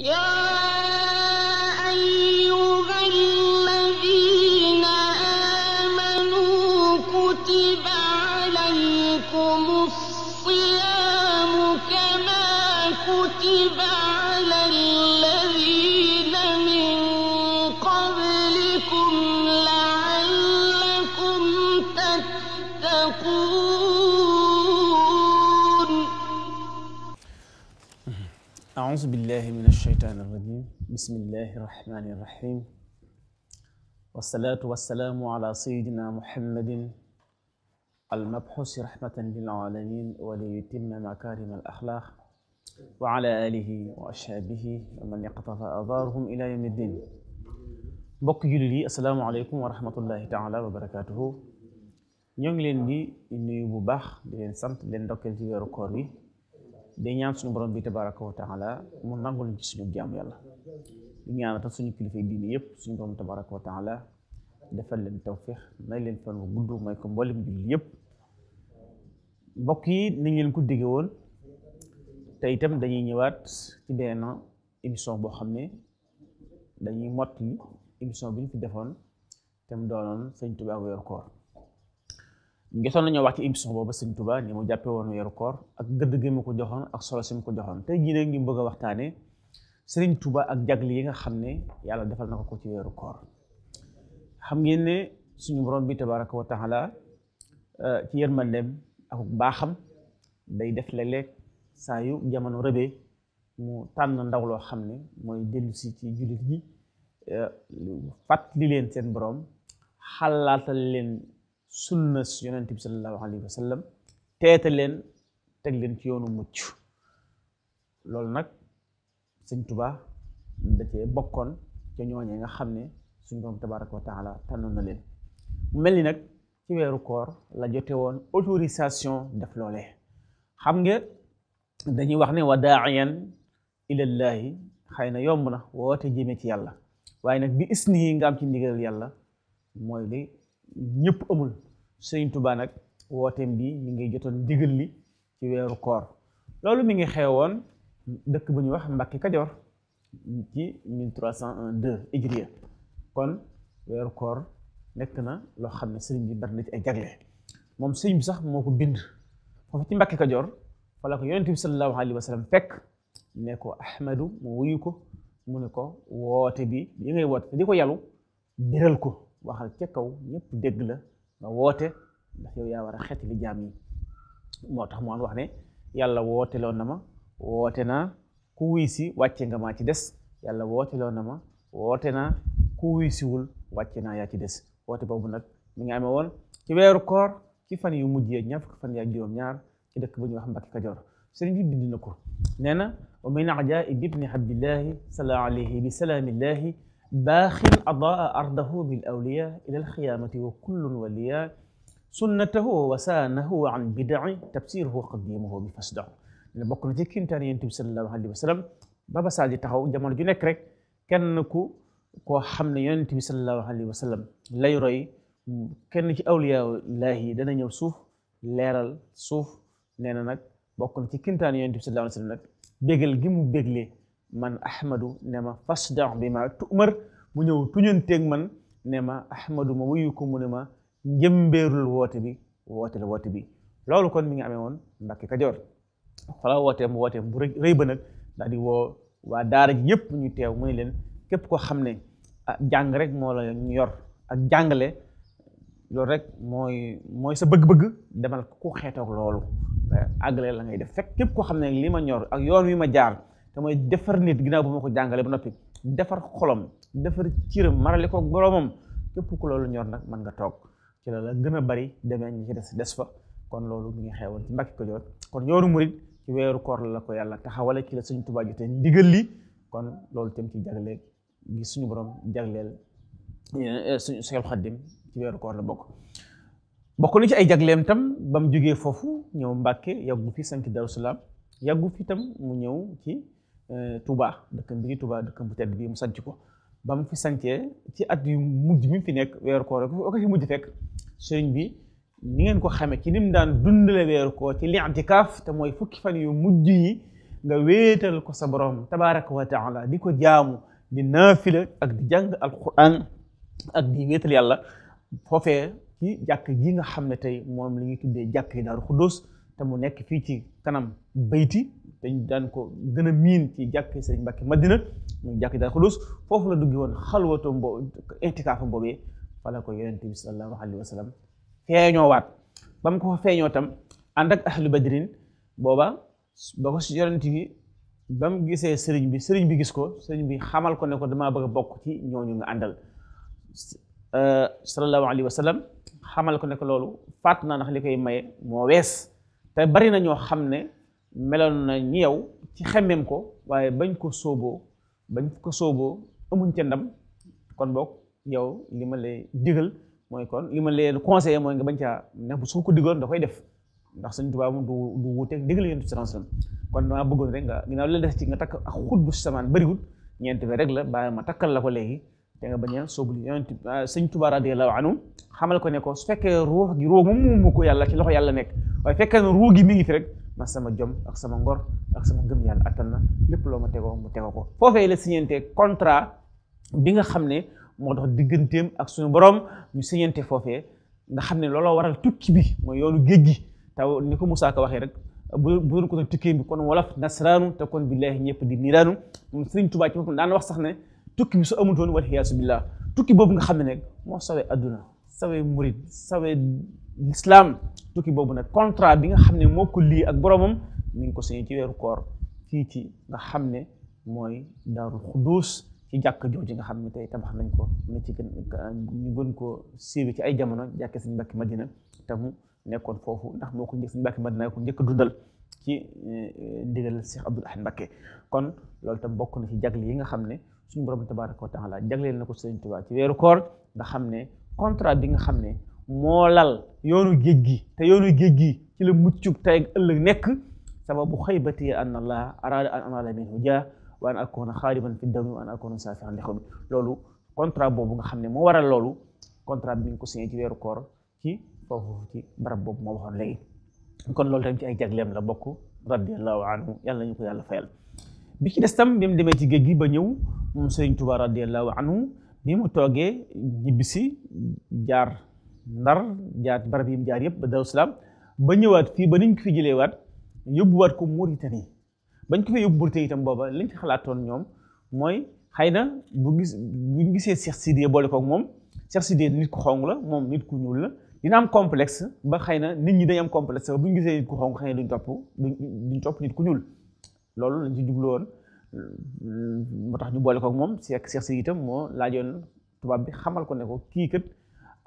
Yeah. أعوذ بالله من الشيطان الرجيم بسم الله الرحمن الرحيم والصلاة والسلام على سيدنا محمد المبحوث رحمة للعالمين وليتم مكارم الأخلاق وعلى آله وأصحابه ومن يقتفى آثارهم إلى يوم الدين mbokk jullit السلام عليكم ورحمة الله تعالى وبركاته barakatuhu ñoo ngi leen di nuyu bu لين di leen sant leen ndokkeel ci weeru day ñaan suñu borom bi tabaraka wa taala mu nangul ci suñu jaamu yàlla di ñaan tax suñu kilifa diine yëpp suñu borom tabaraka wa taala defal leen tawfiix may leen fan wu gudd may ko mboolem jullit yëpp mbokk yi ni ñu leen ko dégge woon tey itam dañuy ñëwaat ci benn émission boo xam ne dañuy mott li émission bi ñu fi defoon te mu doonoon Sëñ Tuubaa weeru gisoon nañoo wax ci émission boobu sëñ Touba ni mu jàppe woon weeru koor ak gëdd gi ko joxoon ak solo si mu ko joxoon tey jii nag ñu bëgg a waxtaanee sëriñ Touba ak jagle yi nga xam ne yàlla defal na ko ko ci weeru koor xam ngeen ne suñu borom bi tabaraka wa taala euh, ci yërmandeem ak baaxam day def léeg-léeg saa yu jamono rëbee mu tànn ndaw loo xam ne mooy dellusi si ci jullit ñi euh, fàttali leen seen borom xalaatal leen sunna yonent bi sallallahu alayhi wa sallam teete leen teg leen ci yoonu mucc loolu nag sëñ tubaa da cee bokkoon ca ñooñee nga xam ne suñ borom tabaraka wa na leen mu mel ni nag ci weeru koor la jote woon autorisation def loole xam nga dañuy wax ne wa daaiyan ilallaahi xëy na yomb na woote jëmee ci yàlla waaye nag bi isni yi nga ci ndigal yàlla mooy li ñëpp amul sëriñ tubaa nag wooteem bi mi ngi jotoon ndigal li ci weeru koor loolu mi ngi woon dëkk bu ñuy wax Mbàkke Kajoor ci cent 1302 hijriya kon weeru koor nekk na loo xam ne sëriñ bi bari na ci ay jagle moom sëriñ bi sax moo ko bind foofu ci Mbàkke Kajoor fa la ko yonent bi sallallahu alayhi wa fekk ne ko Ahmadu mu wuyu ko mu ne ko woote bi yi ngay woote di ko yàllu biral ko waxal ca kaw ñëpp dégg la nga woote ndax yow yaa war a xeet li jaam yi moo tax mu wax ne yàlla woote loon na ma woote naa ku wuy si wàcce nga maa ci des yàlla woote loon na ma woote naa ku wuy siwul wàcce naa yaa ci des woote boobu nag mi ngi amee woon ci weeru koor ci fan yu mujjee ñaar fukki fan yaa juróom-ñaar ci dëkk bu ñu wax Mbàkke Kajoor sëriñ bi bind na ko nee na wa min ajaaib ibni abdillahi sala alayhi bi salaamillahi باخ أضاء أرضه بالأولياء إلى الخيامة وكل وليا سنته وسانه عن بدع تفسيره قديمه بفسد لبوك يعني نتي كين تاني ينتبي صلى الله عليه وسلم بابا ساجي تاو جامل جو نيك ريك كان نكو كو خامل ينتبي صلى الله عليه وسلم لا يري كان نتي أولياء الله دا نيو سوف ليرال سوف نينا نك بوك نتي كين تاني ينتبي صلى الله عليه وسلم نك بيغل جيمو بيغلي man ahmadu ne ma fasda bi ma tumar mu ñëw tuñanteeg man ne ma ahmadu ma wuyu ko mu ne ma njëmbeerul woote bi woote la woote bi loolu kon mi ngi amee woon Mbàkke Kajoor xoolal wooteem wooteem bu rëy ba nag daal di woo waa daara ji yëpp ñu teew mu ne leen képp koo xam ne ah, jàng rek moo ñu yor ak jàngale loolu rek mooy mooy sa bëgg-bëgg demal ku xeetoog loolu àggale la ngay def fekk képp koo xam ne li ma ñor ak yoon wi ma jaar te moy defar nit ginaaw bu ko jàngalee ba noppi defar xolom defar ciiram marale ko boromam képp ko loolu ñor nak man nga tok ci la la bari demee ñi ci dess dess fa kon loolu mi ngi xewoon ci Mbàkke kon ñoru murit ci wëru koor la ko yalla taxawale ci la Sëñ tuba jote ndigal li kon loolu tem ci jagleel gi suñu borom jagleel eh, suñu Seexul khadim ci wëru koor la bokk bokku na ci ay jagleem tam bam mu fofu ñew ñëw yagu fi sanc darussalam yagu fi tam mu ñew ci Euh, Touba dëkkam bi tubaa dëkkam bu tedd bi mu sanc ko ba mu fi sancee ci at yu mujj mi fi nekk weeru koor rek ko fi mujj fekk sëriñ bi ni ngeen ko xamee ci nim daan dundale weeru koor ci li'tikaaf te mooy fukki fan yu mujj yi nga wéetal ko sa borom tabaaraka wa taala di ko jaamu di naafila ak di jàng alquran ak di wéetal yàlla foofe ci jàkk ji nga xam ne tey moom la ñuy tuddee jàkk yi Daaru Xuddoos te mu nekk fii ci kanam bayti dañ daan ko gën a miin ci jàkk Serigne Mbacke Madina ñu jàkk daal xulus foofu la duggi woon xalwatu boobu intikaafam boobee fa la ko yonente bi sallallahu alayhi wa sallam feeñoo waat ba ko fa feeñoo tam ànd ak ahlu badrin booba ba ko si ba mu gisee sëriñ bi sëriñ bi gis ko sëriñ bi xamal ko ne ko damaa bëgg a bokk ci ñooñu nga àndal euh, sallallahu xamal ko ne ko loolu fàtt naa ndax li koy maye moo wees te bari ñoo xam ne meloon na ñi yow ci xemmeem ko waaye bañ ko sooboo bañ ko sooboo amuñ ca ndam kon boog yow li ma lay digal mooy kon li ma leen conseillé mooy nga bañ caa ndax su ko da koy def ndax Sëñ Tuubaa moom du du wuuteeg ndigal yéen si renseignement kon damaa bëggoon rek nga ginnaaw la des ci nga takk ak xut bu samaan bëriwul ñeenti weer rek la baa ma takkal la ko léegi te nga bañ a sóobul yonent ah, Sëñ Tuubaa radiyallaahu anhu xamal ko ne ko su fekkee ruux gi ruux moom moomu ko yàlla ci loxo yàlla nekk waaye fekkee ne ruux gi mi ngi rek. ma sama jom ak sama ngor ak sama ngëm yàlla attan lépp loo ma tegoo mu tegoo ko foofee la signante contrat bi nga xam ne moo dox digganteem ak suñu borom ñu signante foofee nga xam ne looloo waral tukki bi mooy yoonu géej gi taw ni ko Moussa ko waxee rek bu ko tukkee bi kon wolof nasraanu te kon billaahi ñëpp di niiraanu moom Sëriñ Tuubaa ci boppam daan wax sax ne tukki bi su amutoon wal xiyaasu billaah tukki sawee adduna sawee murit sawee l'islam tukki boobu nag contrat bi nga xam ne moo ko lii ak boromam mi ngi ko signé ci weeru koor fii ci nga xam ne mooy daarul xuduus ci jàkk jooju nga xam ne tey tabax nañ ko ne ci gën ñu gën ko siiwe ci ay jamono jàkke sëñ Mbàkke Madina te mu nekkoon foofu ndax moo ko njëkk sëñ Mbàkke Madina ko njëkk dundal ci ndigal Cheikh Abdoul Ahad Mbàkke kon loolu tam bokk na ci jagle yi nga xam ne suñu borom tabaraka wa taala jagleel na ko sëñ Tuubaa ci weeru koor nga xam ne contrat bi nga xam ne moo lal yoonu géej gi te yoonu géej gi ci la muccub tey ëllëg nekk sababu xaybati an allah araada an amala min hujaa wa an akoona xaariban fi dawmi wa an akoona saafiran li xawmi loolu contrat boobu nga xam ne moo waral loolu contrat bi ñu ko signé ci weeru koor ci foofu ci barab boobu moo waxoon léegi kon loolu tamit ci ay jagleem la bokk radiallahu anhu yàlla ñu ko yàlla fayal bi ci des tam bi demee ci géej gi ba ñëw moom Sëriñ Tuubaa radiallahu anhu bi mu toogee ñibbisi jaar ndar jaar barab yi mu jaar yëpp ba Daaru Salaam ba ñëwaat fii ba niñ ko fi jëlee waat yóbbuwaat ko Mauritanie bañ ko fi yóbbu Mauritanie itam booba liñ fi xalaatoon ñoom mooy xëy na bu gis buñ gisee Cheikh Sidiye boole moom Cheikh nit ku xong la moom nit ku ñuul la dina am complexe ba xëy na nit ñi dañ am complexe bu buñ gisee nit ku xong xëy na duñ topp duñ topp nit ku ñuul loolu lañ ci jublu woon moo tax ñu boole kook moom Cheikh Cheikh Sidiye itam moo laajoon tubaab bi xamal ko ne ko kii kat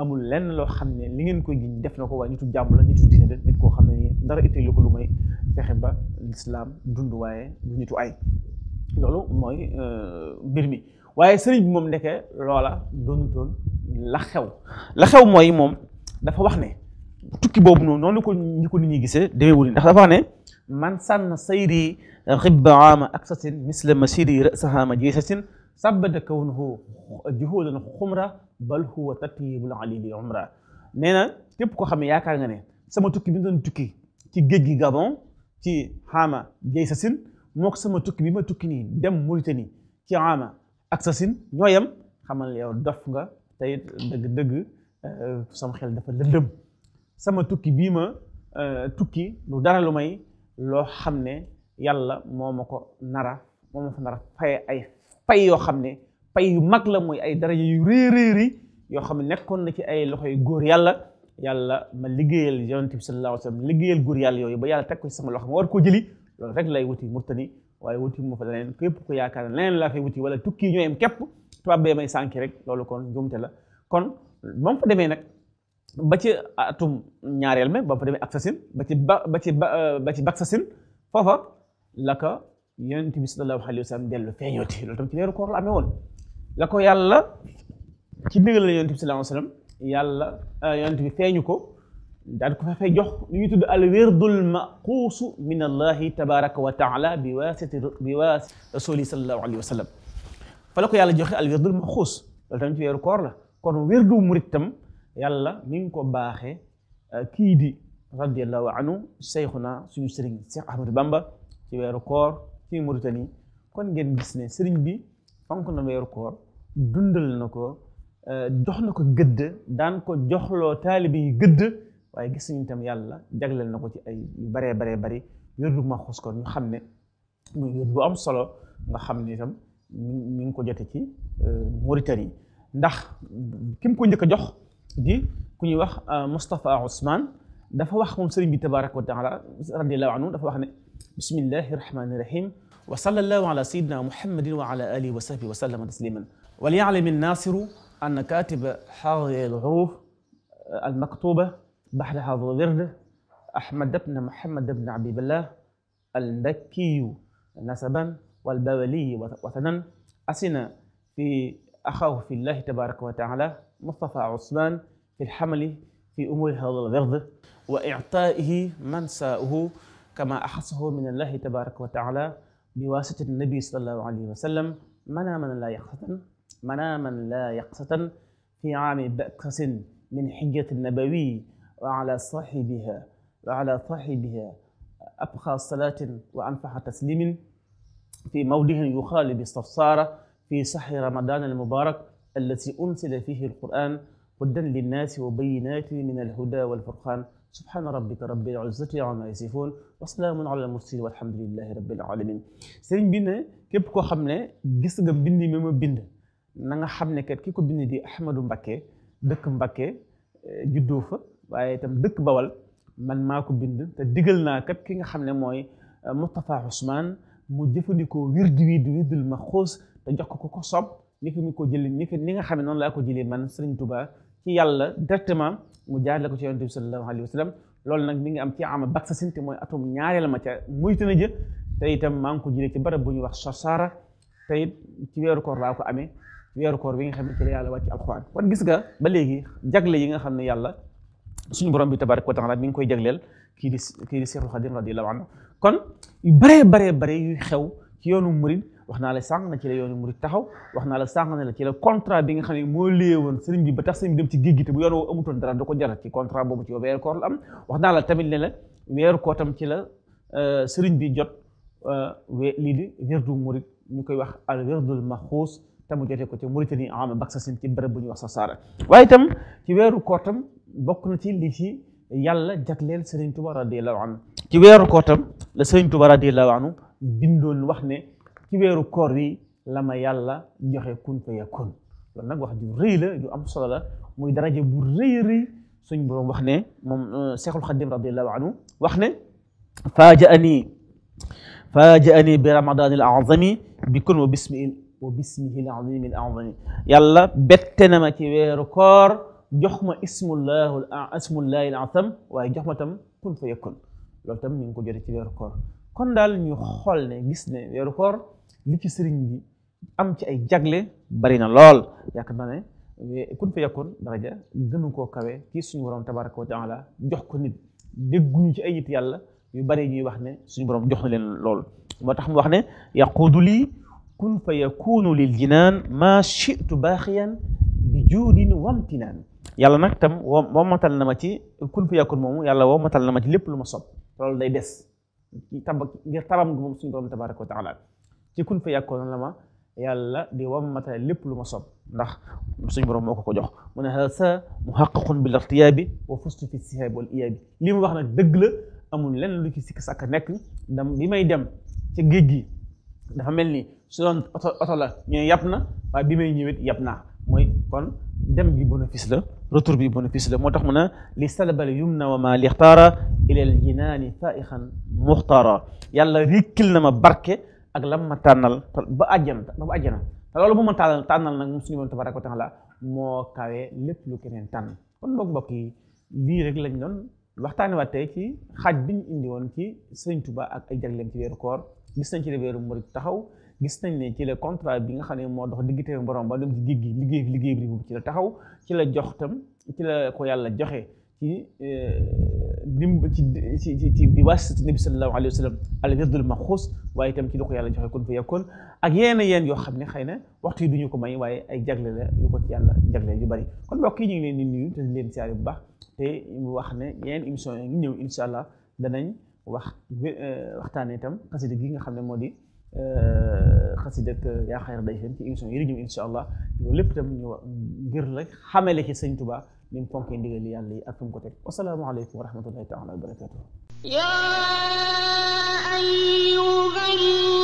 amul lenn loo xam ne li ngeen koy jiñ def na ko waaye nitu jàmm la nitu diine de nit koo xam ne nii dara itteel ko lu may fexe ba lislaam dund waaye du nitu ay loolu mooy euh, mbir mi waaye sëriñ moom ndeke loola doon doonutoon la xew la xew mooy moom dafa wax ne tukki boobu noonu noonu ko ñi ko nit ñi gisee demeewul ndax dafa wax ne man sànn sayri ribbaama aksasin misla masiri rasahaama jeesasin sabbada kawnuhu juhulan xumra bal huwa tatyibul alili umra nee na képp koo xam ne yaakaar nga ne sama tukki bi mu doon tukki ci géej gi Gabon ci xaama jay moo sama tukki bi ma tukki nii dem Mauritanie ci xaama ak sa sin ñoo yem xamal yow dof nga tey dëgg dëgg euh, sama xel dafa lëndëm sama tukki bii ma euh, tukki lu dara lu may loo xam ne yàlla moo ma ko nara moo ma fa nara faye ay fay yoo xam ne pay yu mag la mooy ay daraja yu rëy rëy yoo xam ne nekkoon na ci ay loxo yu góor yàlla yàlla ma liggéeyal yonent bi sallallahu alayhi wa sallam liggéeyal góor yàlla yooyu ba yàlla teg ko ci sama loxo ma war koo jëli loolu rek lay wuti murtani waaye wuti mu fa leneen képp ko yaakaar ne leneen laa fay wuti wala tukki ñoo yem képp tubaab bee may sànki rek loolu kon njuumte la kon ba mu fa demee nag ba ci atum ñaareel me ba mu fa demee ba ci ba ba ba ci bak sasin foofa la yonent bi sallallahu alayhi wa sallam dellu feeñooti loolu tam ci weeru koor la amee woon la yàlla ci ndigal la yonent bi sallallahu alayhi wa sallam yàlla yonent bi feeñu ko ko fa fay jox lu ñu tudd al wirdul maquusu min allahi tabaraka wa taala bi waasiti bi waasi rasuli sallallahu alayhi wa sallam la ko yàlla joxe al wirdul maquus loolu tam ci weeru koor la kon wirdu murit tam yàlla mi ngi ko baaxee kii di radiallahu anhu seyxuna suñu sëriñ Cheikh Ahmadou Bamba ci weeru koor ci Mauritanie kon ngeen gis ne sëriñ bi fonk na weeru ko dundal na ko euh, jox na ko gëdd daan ko joxloo taalibe yi gëdd waaye gis nañu tam yàlla jagleel na ko ci ay yu baree bari wérdu ma xus ko ñu xam ne muy wér bu am solo nga xam ne itam ñu ngi ko jote ci euh, Mauritanie ndax ki mu ko njëkk jox di ku ñuy wax euh, Moustapha Ousmane dafa wax moom sëriñ bi tabaraka wa taala radiallahu anhu dafa wax ne بسم الله الرحمن الرحيم وصلى الله على سيدنا محمد وعلى آله وصحبه وسلم تسليما وليعلم الناصر أن كاتب حاضر العروف المكتوبة بحر حاضر الورد أحمد بن محمد بن عبد الله المكي نسبا والبولي وثنا أسن في أخاه في الله تبارك وتعالى مصطفى عثمان في الحمل في أمور هذا الغرض وإعطائه من ساؤه كما أحسه من الله تبارك وتعالى بواسطة النبي صلى الله عليه وسلم مناما لا يقصة مناما لا يقصة في عام بأكس من حجة النبوي وعلى صاحبها وعلى صاحبها أبقى صلاة وأنفح تسليم في موده يخالب باستفسارة في شهر رمضان المبارك التي أنزل فيه القرآن هدى للناس وبينات من الهدى والفرقان subhaana rabbika rabbil izzati amma yasifuun wa salaamun ala al-mursaliin walhamdulillahi rabbil alamin sëriñ bi ne képp koo xam ne gis nga bind mi bind nanga xam ne kat ki ko bind di Ahmadu Mbakke dëkk Mbakke eh, juddoo fa waaye itam dëkk Bawal man maa ko bind te digal naa kat ki nga xam ne mooy eh, Moustapha Ousmane mu jëfandikoo wirdu wi di wirdul maxuus te jox ko ko soob ni ko mi ko jëlee ni ko ni nga xam ne noonu laa ko jëlee man Sëriñ Tuubaa ci yàlla directement mu jaarale ko ci yonent bi sallallahu alayhi wa sallam loolu nag mi ngi am ci ama baksasin te mooy atum ñaareel ma ca muytana jë te itam maa ngi ko ci barab bu ñuy wax sarsara te it ci weeru koor laa ko amee ci weeru koor bi nga xam ne ci la yàlla wàcc alxuraan kon gis nga ba léegi jagle yi nga xam ne yàlla suñu borom bi tabaraka wa taala mi ngi koy jagleel kii di kii di Seexul Xadim radiyallahu anhu kon yu baree baree bare yuy xew ci yoonu murid wax naa la sànq na ci la yoonu murid taxaw wax naa la sànq ne la ci la contrat bi nga xam ne moo lée woon sëriñ bi ba tax sëriñ bi dem ci géej gi te bu yoon woo amutoon dara da ko ci contrat boobu ci weeru wax naa la tamit ne la weeru koor tam ci la euh, sëriñ bi jot euh, we lii di werdu murid ñu koy wax al werdul maxuus tamu jotee ko ci Mauritanie am baksa sin ci bërëb bu ñuy wax sa saara waaye itam ci weeru koor tam bokk na ci li ci yàlla jagleel sëriñ Tuba radiyallahu anhu ci weeru koor tam la sëriñ Tuba radiyallahu anhu bindoon wax ne كبيرو كوري لما يالا جوخي كون فيا كون لون نك واخ دي ري لا دي ام صلا موي دراجي بو ري ري سون بروم رضي الله عنه واخ فاجاني فاجاني برمضان الاعظم بكون وباسم وباسمه العظيم الاعظم يالا بتنا ما كي ويرو كور جوخما اسم الله اسم الله العظم واي جوخما تام كون فيا كون لول تام نينكو جوري تي ويرو دال ني خول ني li ci sëriñ bi am ci ay jagle bari na lool yaakaar naa ne eh, kun fa yakkoon daraja gënu koo kawe kii suñu borom tabaraka wa taala jox ko nit dégguñu ci ay nit yàlla yu bari ñuy wax ne suñu borom jox na leen lool moo tax mu wax ne yaquudu lii kun fa yakunu lil jinaan maa chitu baaxiyan bi juudin wamtinaan yàlla nag tam matal na ma ci kun fa yakkoon moomu yàlla matal na ma ci lépp lu ma sob loolu day des tab ngir tabam gi moom suñu borom tabaraka wa taala ci kun fa yakko na ma yàlla di wam mata lépp luma ma sob ndax suñu borom moko ko jox mu hal sa muhaqqaqun bil irtiyab wa fustu fi sihab wal iyab limu wax nak deug la amul len lu ci sik sak nek dam bi may dem ci géej gi dafa melni su don auto la ñu yapna wa bi may ñëwit yapna moy kon dem gi bénéfice la retour bi bénéfice la motax muna li salbal yumna wa ma li ila al jinan fa'ikhan muhtara yàlla rikkil na ma barke ak lam ma tànnal ba àjjana ba àjjana te loolu mu ma tànnal tànnal nag mu suñu borom tabaraka wa taala moo kawee lépp lu keneen tànn kon mbokk mbokk yi lii rek lañ doon waxtaan waat tey ci xaaj bi ñu indi woon ci Sëriñ Tuubaa ak ay jagleem ci weeru koor gis nañ ci la weeru murit taxaw gis nañ ne ci la contrat bi nga xam ne moo dox diggante borom ba dem ci géej gi liggéey liggéey bi ci la taxaw ci la jox tam ci la ko yàlla joxe ci eh, dim ci ci ci ci wasati nabi sallallahu alayhi wa sallam al wirdul waaye itam ci li ko yàlla joxe kon fa yakkoon ak yenn yoo xam ne xëy na waxtu yi duñu ko may waaye ay jagle la yu ko bari kon mbokk yi ñu ngi leen di nuyu te leen siyaare bu baax te wax ne yeneen émission yi ñëw incha allah danañ wax euh, waxtaanee itam xasida gi nga xam ne moo di euh, xasida ak yaa xayra day seen ci émission yi di ñëw incha allah loolu lépp itam ñu ngir la xamele ci sëñ من فوق اندي يعني لي يالي افم كوتي والسلام عليكم ورحمه الله تعالى وبركاته يا ايها